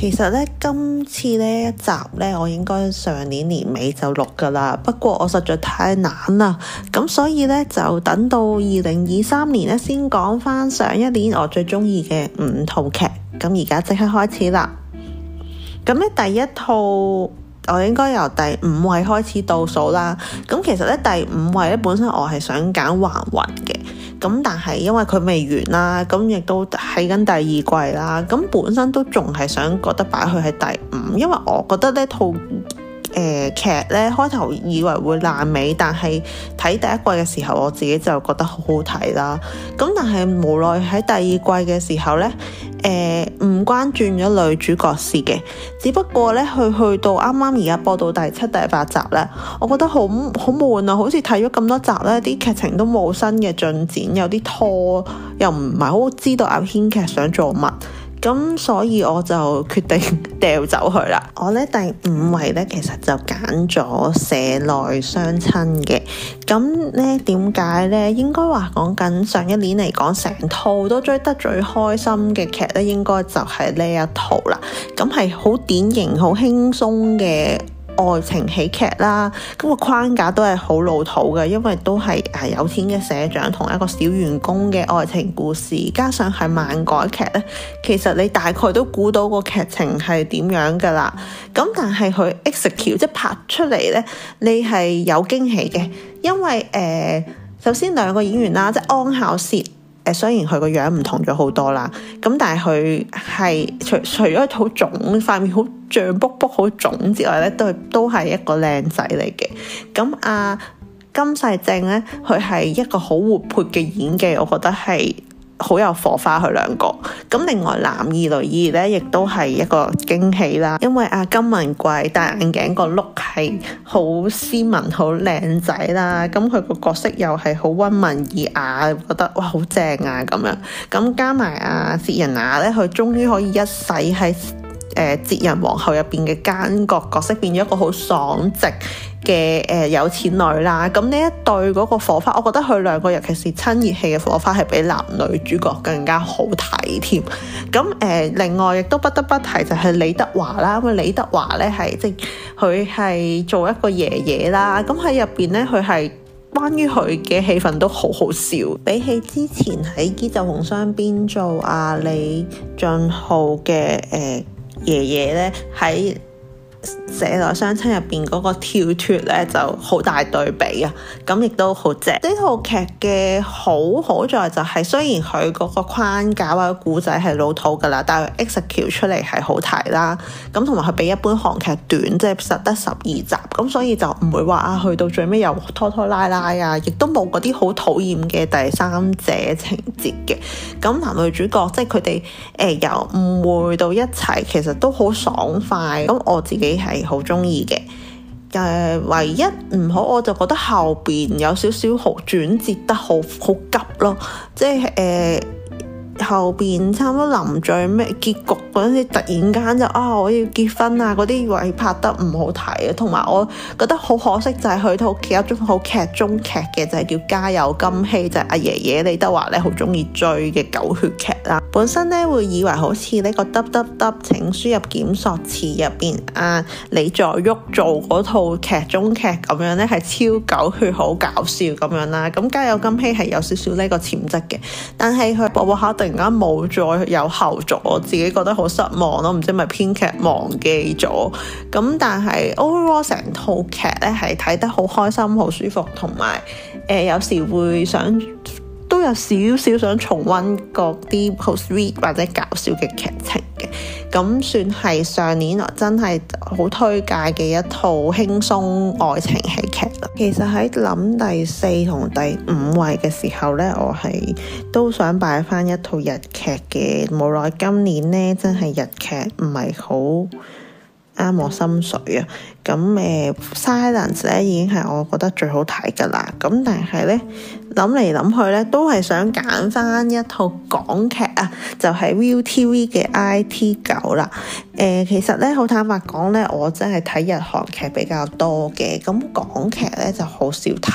其實咧，今次呢一集咧，我應該上年年尾就錄噶啦。不過我實在太懶啦，咁所以咧就等到二零二三年咧先講翻上一年我最中意嘅五套劇。咁而家即刻開始啦。咁咧第一套。我應該由第五位開始倒數啦。咁其實咧，第五位咧本身我係想揀還魂嘅。咁但係因為佢未完啦，咁亦都喺緊第二季啦。咁本身都仲係想覺得擺佢喺第五，因為我覺得呢套。誒劇咧開頭以為會爛尾，但係睇第一季嘅時候，我自己就覺得好好睇啦。咁但係無奈喺第二季嘅時候咧，誒唔關轉咗女主角事嘅，只不過咧佢去到啱啱而家播到第七、第八集咧，我覺得好好悶啊，好似睇咗咁多集咧，啲劇情都冇新嘅進展，有啲拖，又唔係好知道阿編劇想做乜。咁所以我就決定掉走佢啦。我咧第五位咧，其實就揀咗《社內相親》嘅。咁咧點解咧？應該話講緊上一年嚟講，成套都追得最開心嘅劇咧，應該就係呢一套啦。咁係好典型、好輕鬆嘅，愛情喜劇啦，咁、那個框架都係好老土嘅，因為都係誒有錢嘅社長同一個小員工嘅愛情故事，加上係漫改劇咧，其實你大概都估到個劇情係點樣噶啦。咁但係佢 execute 即拍出嚟咧，你係有驚喜嘅，因為誒、呃，首先兩個演員啦，即係安孝燮。雖然佢個樣唔同咗好多啦，咁但係佢係除除咗好腫，塊面好脹卜卜好腫之外咧，都係都係一個靚仔嚟嘅。咁、啊、阿金世正咧，佢係一個好活潑嘅演技，我覺得係。好有火花，佢兩個。咁另外男二女二咧，亦都係一個驚喜啦。因為阿、啊、金文貴戴眼鏡個 look 係好斯文、好靚仔啦。咁佢個角色又係好溫文爾雅，覺得哇好正啊咁樣。咁加埋阿薛仁雅咧，佢終於可以一世喺。誒，哲、呃、人皇后入邊嘅奸角角色變咗一個好爽直嘅誒、呃、有錢女啦。咁呢一對嗰個火花，我覺得佢兩個尤其是親熱戲嘅火花係比男女主角更加好睇添。咁誒、呃，另外亦都不得不提就係李德華啦。咁李德華咧，係即佢係做一個爺爺啦。咁喺入邊咧，佢係關於佢嘅戲份都好好笑，比起之前喺《機就紅雙》邊做阿、啊、李俊浩嘅誒。呃爺爺咧，喺爺爺社內相親入邊嗰個跳脱咧就好大對比啊，咁亦都好正。呢套劇嘅好好在就係雖然佢嗰個框架或者古仔係老土㗎啦，但係 execute 出嚟係好睇啦。咁同埋佢比一般韓劇短，即係實得十二集，咁所以就唔會話啊去到最尾又拖拖拉拉啊，亦都冇嗰啲好討厭嘅第三者情節嘅。咁男女主角即係佢哋誒由誤會到一齊，其實都好爽快。咁我自己。你係好中意嘅，誒、呃，唯一唔好我就覺得後邊有少少好轉折得好好急咯，即係誒。呃後邊差唔多臨最咩結局嗰陣時，突然間就啊、哦，我要結婚啊！嗰啲以為拍得唔好睇啊，同埋我覺得好可惜就係佢套有一種好劇中劇嘅，就係、是、叫《家有金妻》，就係、是、阿、啊、爺爺李德華咧好中意追嘅狗血劇啦。本身咧會以為好似呢個得得得請輸入檢索詞入邊啊，李在旭做嗰套劇中劇咁樣咧係超狗血、好搞笑咁樣啦。咁《家有金妻》係有少少呢個潛質嘅，但係佢播播下定。突然冇再有後續，我自己覺得好失望咯，唔知係咪編劇忘記咗。咁但係 overall 成套劇咧，係睇得好開心、好舒服，同埋誒有時會想都有少少想重溫各啲好 sweet 或者搞笑嘅劇情嘅。咁算係上年我真係好推介嘅一套輕鬆愛情喜劇啦。其實喺諗第四同第五位嘅時候呢，我係都想擺翻一套日劇嘅，無奈今年呢，真係日劇唔係好，啱我心水啊！咁誒、呃、Silence 咧已經係我覺得最好睇㗎啦。咁但係咧，諗嚟諗去咧，都係想揀返一套港劇啊，就係、是、ViuTV 嘅 IT 狗啦。誒、呃，其實咧，好坦白講咧，我真係睇日韓劇比較多嘅，咁港劇咧就好少睇。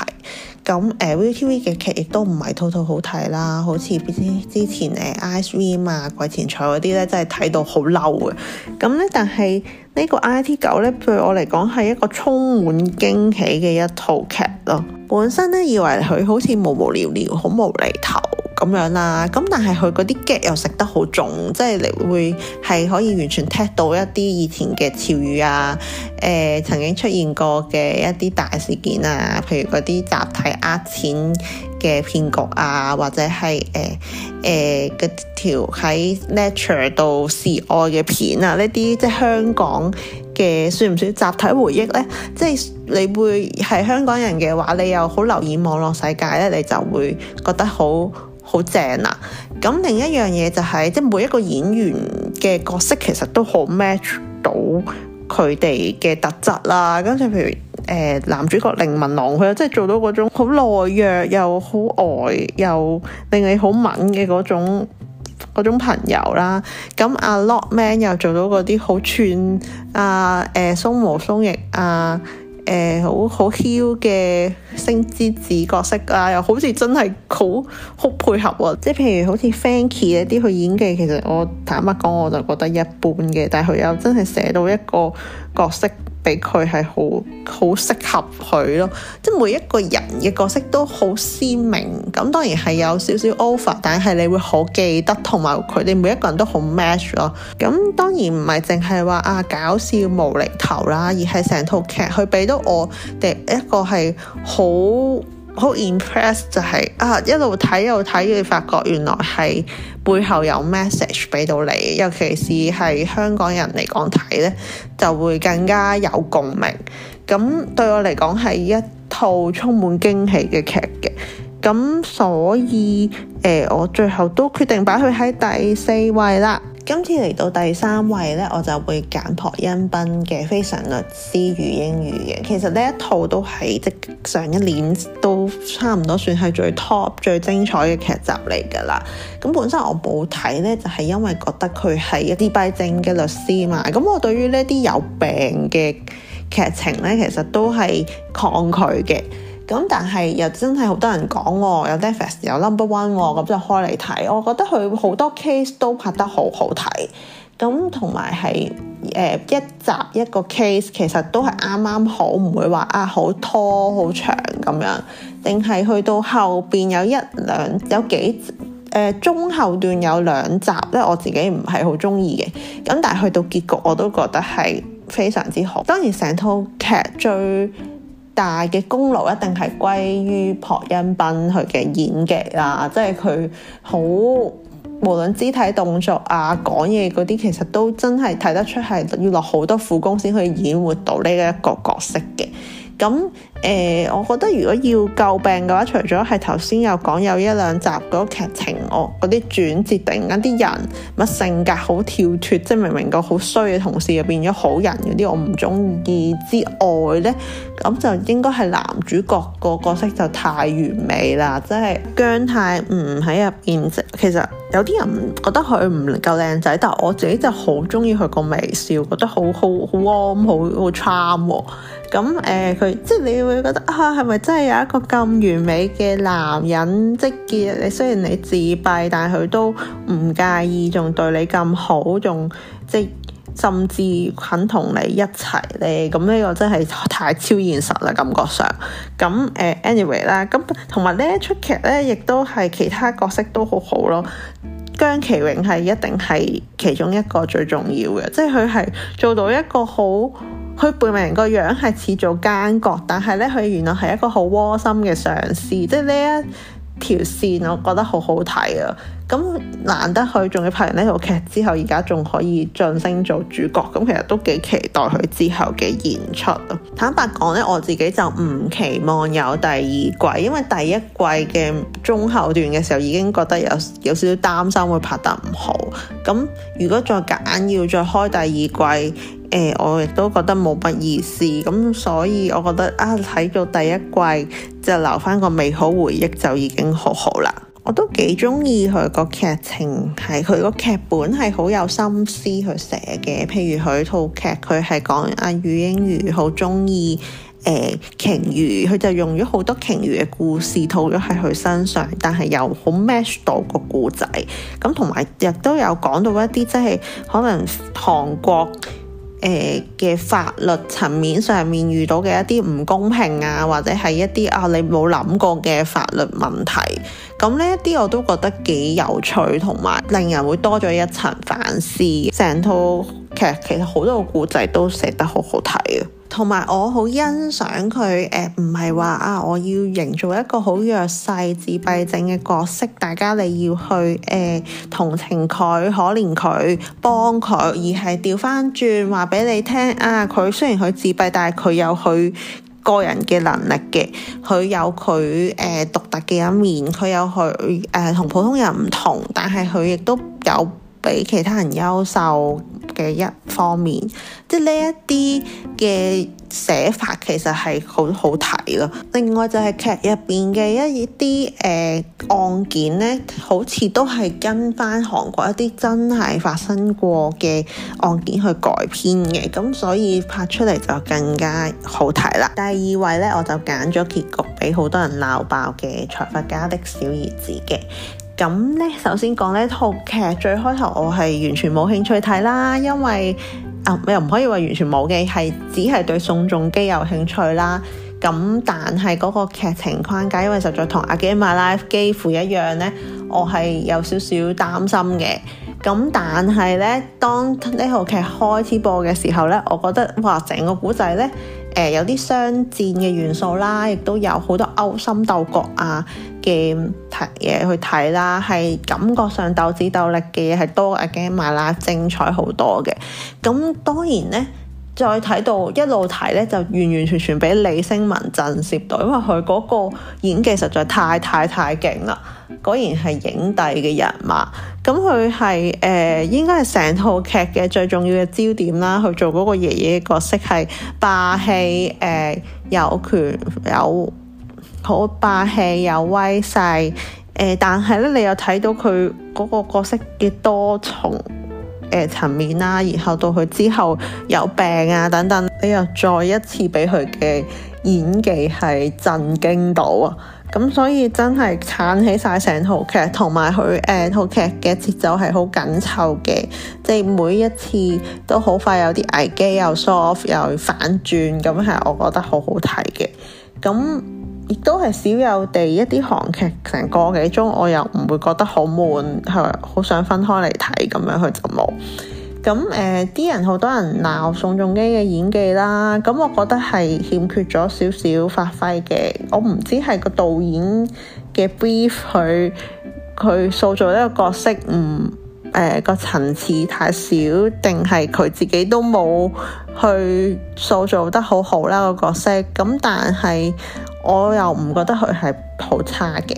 咁誒、呃、ViuTV 嘅劇亦都唔係套套好睇啦，好似之前誒 I Swim 啊、季前賽嗰啲咧，真係睇到好嬲啊。咁咧，但係。這個 IT 呢個 IT 狗咧，對我嚟講係一個充滿驚喜嘅一套劇咯。本身咧，以為佢好似無無聊聊，好無厘頭。咁樣啦，咁但係佢嗰啲 get 又食得好重，即係你會係可以完全踢到一啲以前嘅潮語啊，誒、呃、曾經出現過嘅一啲大事件啊，譬如嗰啲集體呃錢嘅騙局啊，或者係誒誒嘅條喺 Nature 度示愛嘅片啊，呢啲即係香港嘅算唔算集體回憶咧？即係你會係香港人嘅話，你又好留意網絡世界咧，你就會覺得好。好正啦！咁、啊、另一樣嘢就係、是，即係每一個演員嘅角色其實都好 match 到佢哋嘅特質啊。咁就譬如誒、呃、男主角凌文龍佢又即係做到嗰種好懦弱又好呆又令你好敏嘅嗰種朋友啦。咁阿、啊、Lock Man 又做到嗰啲好串啊，誒鬆毛鬆翼啊。呃松誒好好囂嘅星之子角色啊，又好似真係好好配合喎、啊。即係譬如好似 Fanky 呢啲佢演技，其實我坦白講我就覺得一般嘅，但係佢又真係寫到一個角色。俾佢係好好適合佢咯，即係每一個人嘅角色都好鮮明，咁當然係有少少 over，但係你會好記得，同埋佢哋每一個人都好 match 咯。咁當然唔係淨係話啊搞笑無厘頭啦，而係成套劇佢俾到我哋一個係好。好 impress 就係、是、啊，一路睇一路睇，你發覺原來係背後有 message 俾到你，尤其是係香港人嚟講睇咧，就會更加有共鳴。咁對我嚟講係一套充滿驚喜嘅劇嘅，咁所以誒、呃，我最後都決定擺佢喺第四位啦。今次嚟到第三位咧，我就會揀朴恩斌嘅《非常律師禹英禑》嘅。其實呢一套都係即上一年都差唔多算係最 top、最精彩嘅劇集嚟㗎啦。咁本身我冇睇咧，就係、是、因為覺得佢係一啲自閉症嘅律師嘛。咁我對於呢啲有病嘅劇情咧，其實都係抗拒嘅。咁但係又真係好多人講喎，哦，有 defence 有 number one 喎，咁就開嚟睇。我覺得佢好多 case 都拍得好好睇，咁同埋係誒一集一個 case，其實都係啱啱好，唔會話啊好拖好長咁樣。定係去到後邊有一兩有幾誒、呃、中後段有兩集呢，咧我自己唔係好中意嘅。咁但係去到結局我都覺得係非常之好。當然成套劇最大嘅功勞一定係歸於朴恩斌佢嘅演技啊。即係佢好無論肢體動作啊、講嘢嗰啲，其實都真係睇得出係要落好多苦功先可以演活到呢一個角色嘅咁。誒、呃，我覺得如果要救病嘅話，除咗係頭先有講有一兩集嗰個劇情，我嗰啲轉折突然間啲人乜性格好跳脫，即係明明個好衰嘅同事入變咗好人嗰啲，我唔中意之外咧，咁就應該係男主角個角色就太完美啦，即係姜太唔喺入邊。其實有啲人覺得佢唔夠靚仔，但係我自己就好中意佢個微笑，覺得好好好 warm，好好 charm。咁誒、um，哦，佢、嗯呃、即係你要。會覺得啊，係咪真係有一個咁完美嘅男人？即係你雖然你自閉，但係佢都唔介意，仲對你咁好，仲即甚至肯同你一齊咧。咁呢個真係太超現實啦，感覺上。咁誒，uh，anyway 啦，咁同埋呢一出劇咧，亦都係其他角色都好好咯。姜其榮係一定係其中一個最重要嘅，即係佢係做到一個好。佢背明個樣係似做奸角，但係咧佢原來係一個好窩心嘅上司，即係呢一條線，我覺得好好睇啊！咁難得佢仲要拍完呢套劇之後，而家仲可以晉升做主角，咁其實都幾期待佢之後嘅演出啊！坦白講咧，我自己就唔期望有第二季，因為第一季嘅中後段嘅時候已經覺得有有少少擔心會拍得唔好，咁如果再夾硬要再開第二季。誒、欸，我亦都覺得冇乜意思咁，所以我覺得啊，睇到第一季就留翻個美好回憶就已經好好啦。我都幾中意佢個劇情，係佢個劇本係好有心思去寫嘅。譬如佢套劇，佢係講阿，禹英禑好中意誒鯨魚，佢就用咗好多鯨魚嘅故事套咗喺佢身上，但係又好 match 到個故仔咁。同埋亦都有講到一啲即係可能韓國。誒嘅、欸、法律層面上面遇到嘅一啲唔公平啊，或者係一啲啊你冇諗過嘅法律問題，咁呢一啲我都覺得幾有趣，同埋令人會多咗一層反思。成套劇其實好多個故仔都寫得好好睇嘅。同埋我好欣賞佢，誒唔係話啊，我要營造一個好弱勢自閉症嘅角色，大家你要去誒、呃、同情佢、可憐佢、幫佢，而係掉返轉話畀你聽啊，佢雖然佢自閉，但係佢有佢個人嘅能力嘅，佢有佢誒、呃、獨特嘅一面，佢有佢誒同普通人唔同，但係佢亦都有，比其他人優秀嘅一方面，即係呢一啲嘅寫法其實係好好睇咯。另外就係劇入邊嘅一啲誒、呃、案件呢，好似都係跟翻韓國一啲真係發生過嘅案件去改編嘅，咁所以拍出嚟就更加好睇啦。第二位呢，我就揀咗結局俾好多人鬧爆嘅財閥家的小兒子嘅。咁咧，首先講呢套劇最開頭，我係完全冇興趣睇啦，因為啊，又唔可以話完全冇嘅，係只係對宋仲基有興趣啦。咁但係嗰個劇情框架，因為實在同《Again My Life》幾乎一樣咧，我係有少少擔心嘅。咁但係咧，當呢套劇開始播嘅時候咧，我覺得哇，整個古仔咧，誒、呃、有啲商戰嘅元素啦，亦都有好多勾心鬥角啊嘅睇嘢去睇啦，係感覺上鬥智鬥力嘅嘢係多過嘅、啊，埋啦精彩好多嘅。咁當然咧，再睇到一路睇咧，就完完全全俾李星文震懾到，因為佢嗰個演技實在太太太勁啦！果然係影帝嘅人嘛，咁佢係誒，應該係成套劇嘅最重要嘅焦點啦。去做嗰個爺爺嘅角色係霸氣，誒、呃、有權有好霸氣有威勢，誒、呃、但係咧，你又睇到佢嗰個角色嘅多重誒層面啦，然後到佢之後有病啊等等，你又再一次俾佢嘅演技係震驚到啊！咁所以真係撐起晒成套劇，同埋佢誒套劇嘅節奏係好緊湊嘅，即係每一次都好快有啲危機，又 soft 又反轉，咁係我覺得好好睇嘅。咁亦都係少有地一啲韓劇成個幾鐘，我又唔會覺得好悶，係好想分開嚟睇，咁樣佢就冇。咁誒啲人好多人鬧宋仲基嘅演技啦，咁我覺得係欠缺咗少少發揮嘅。我唔知係個導演嘅 brief，佢佢塑造一個角色唔誒、呃、個層次太少，定係佢自己都冇去塑造得好好啦、個角色。咁但係我又唔覺得佢係好差嘅。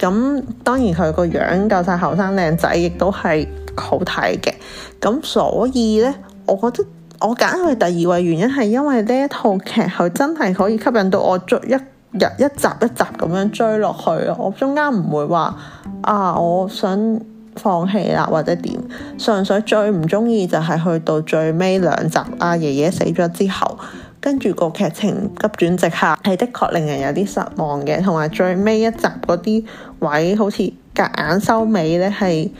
咁當然佢個樣夠晒後生靚仔，亦都係。好睇嘅咁，所以呢，我覺得我揀佢第二位原因係因為呢一套劇佢真係可以吸引到我追一日一集一集咁樣追落去。我中間唔會話啊，我想放棄啦或者點。純粹最唔中意就係去到最尾兩集阿、啊、爺爺死咗之後，跟住個劇情急轉直下，係的確令人有啲失望嘅。同埋最尾一集嗰啲位好似夾硬收尾呢係。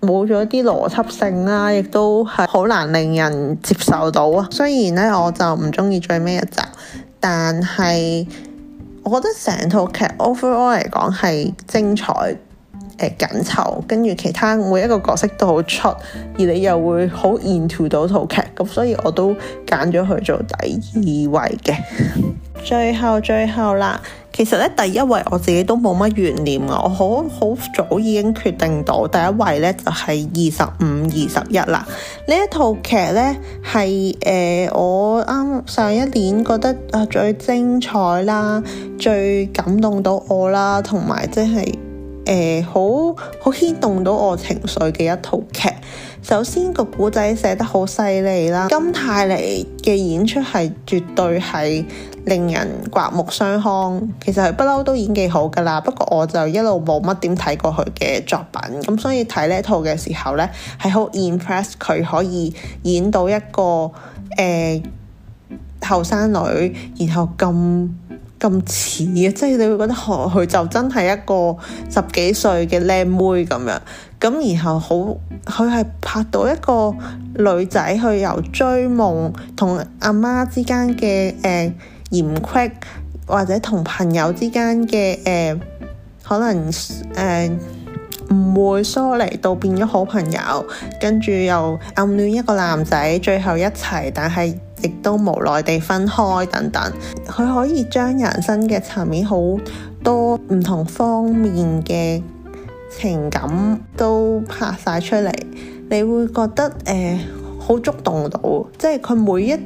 冇咗啲邏輯性啦，亦都係好難令人接受到啊。雖然咧，我就唔中意最尾一集，但係我覺得成套劇 overall 嚟講係精彩，誒、呃、緊湊，跟住其他每一個角色都好出，而你又會好 into 到套劇，咁所以我都揀咗佢做第二位嘅最後，最後啦。其實咧，第一位我自己都冇乜懸念啊！我好好早已經決定到，第一位咧就係二十五二十一啦。呢一套劇咧係誒我啱上一年覺得啊最精彩啦、最感動到我啦，同埋即係誒好好牽動到我情緒嘅一套劇。首先個古仔寫得好犀利啦，金泰梨嘅演出係絕對係令人刮目相看。其實佢不嬲都演技好㗎啦，不過我就一路冇乜點睇過佢嘅作品，咁所以睇呢套嘅時候呢，係好 impress 佢可以演到一個誒後生女，然後咁。咁似嘅，即係你會覺得佢佢、哦、就真係一個十幾歲嘅靚妹咁樣，咁然後好，佢係拍到一個女仔去由追夢同阿媽之間嘅誒、呃、嫌隙，或者同朋友之間嘅誒、呃、可能誒唔、呃、會疏離到變咗好朋友，跟住又暗戀一個男仔，最後一齊，但係。亦都無奈地分開等等，佢可以將人生嘅層面好多唔同方面嘅情感都拍晒出嚟，你會覺得誒好觸動到，即係佢每一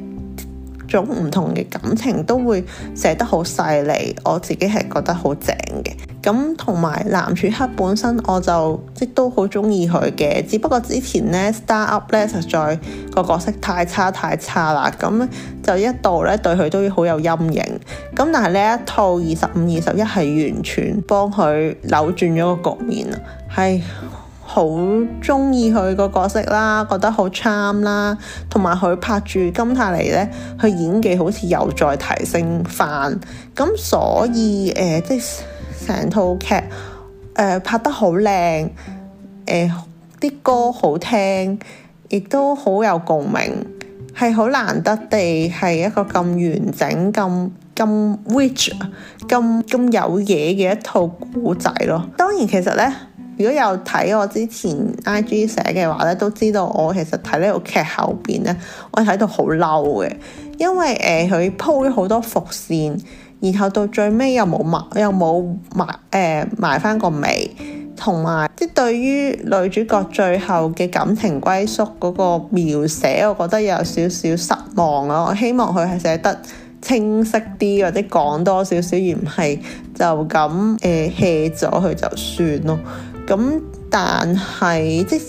種唔同嘅感情都會寫得好細膩，我自己係覺得好正嘅。咁同埋男主角本身我就即都好中意佢嘅，只不過之前咧，Start Up 咧，實在個角色太差太差啦，咁就一度咧對佢都好有陰影。咁但係呢一套二十五二十一係完全幫佢扭轉咗個局面啊，係好中意佢個角色啦，覺得好 charm 啦，同埋佢拍住金泰梨咧，佢演技好似又再提升返，咁所以誒、呃、即。成套劇、呃、拍得好靚，啲、呃、歌好聽，亦都好有共鳴，係好難得地係一個咁完整、咁咁 rich、咁咁有嘢嘅一套古仔咯。當然，其實呢，如果有睇我之前 IG 寫嘅話咧，都知道我其實睇呢套劇後邊呢，我睇到好嬲嘅，因為誒佢、呃、鋪咗好多伏線。然後到最尾又冇埋，又、呃、冇埋，誒埋翻個尾，同埋即對於女主角最後嘅感情歸宿嗰個描寫，我覺得有少少失望咯。我希望佢係寫得清晰啲，或者講多少少，而唔係就咁棄咗佢就算咯。咁但係即。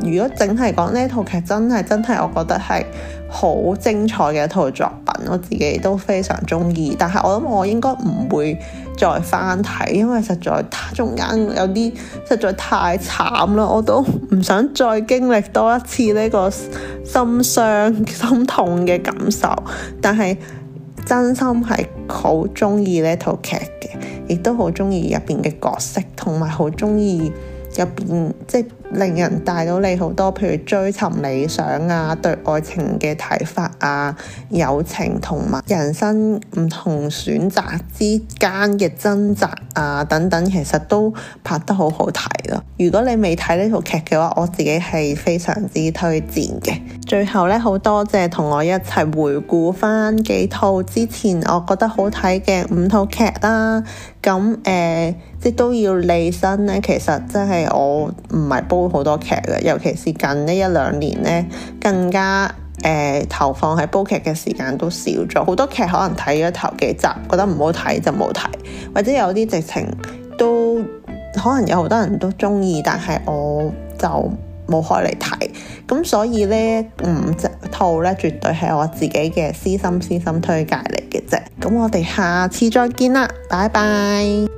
如果淨係講呢套劇真係真係，我覺得係好精彩嘅一套作品，我自己都非常中意。但係我諗我應該唔會再翻睇，因為實在太中間有啲實在太慘啦，我都唔想再經歷多一次呢個心傷心痛嘅感受。但係真心係好中意呢套劇嘅，亦都好中意入邊嘅角色，同埋好中意入邊即係。令人帶到你好多，譬如追尋理想啊、對愛情嘅睇法啊、友情同埋人生唔同選擇之間嘅掙扎啊等等，其實都拍得好好睇咯。如果你未睇呢套劇嘅話，我自己係非常之推薦嘅。最後咧，好多謝同我一齊回顧翻幾套之前我覺得好睇嘅五套劇啦。咁、嗯、誒、呃，即都要理身咧，其實即係我。唔係煲好多劇嘅，尤其是近一兩呢一兩年咧，更加誒、呃、投放喺煲劇嘅時間都少咗。好多劇可能睇咗頭幾集，覺得唔好睇就冇睇，或者有啲直情都可能有好多人都中意，但係我就冇開嚟睇。咁所以咧，五套咧，絕對係我自己嘅私心私心推介嚟嘅啫。咁我哋下次再見啦，拜拜。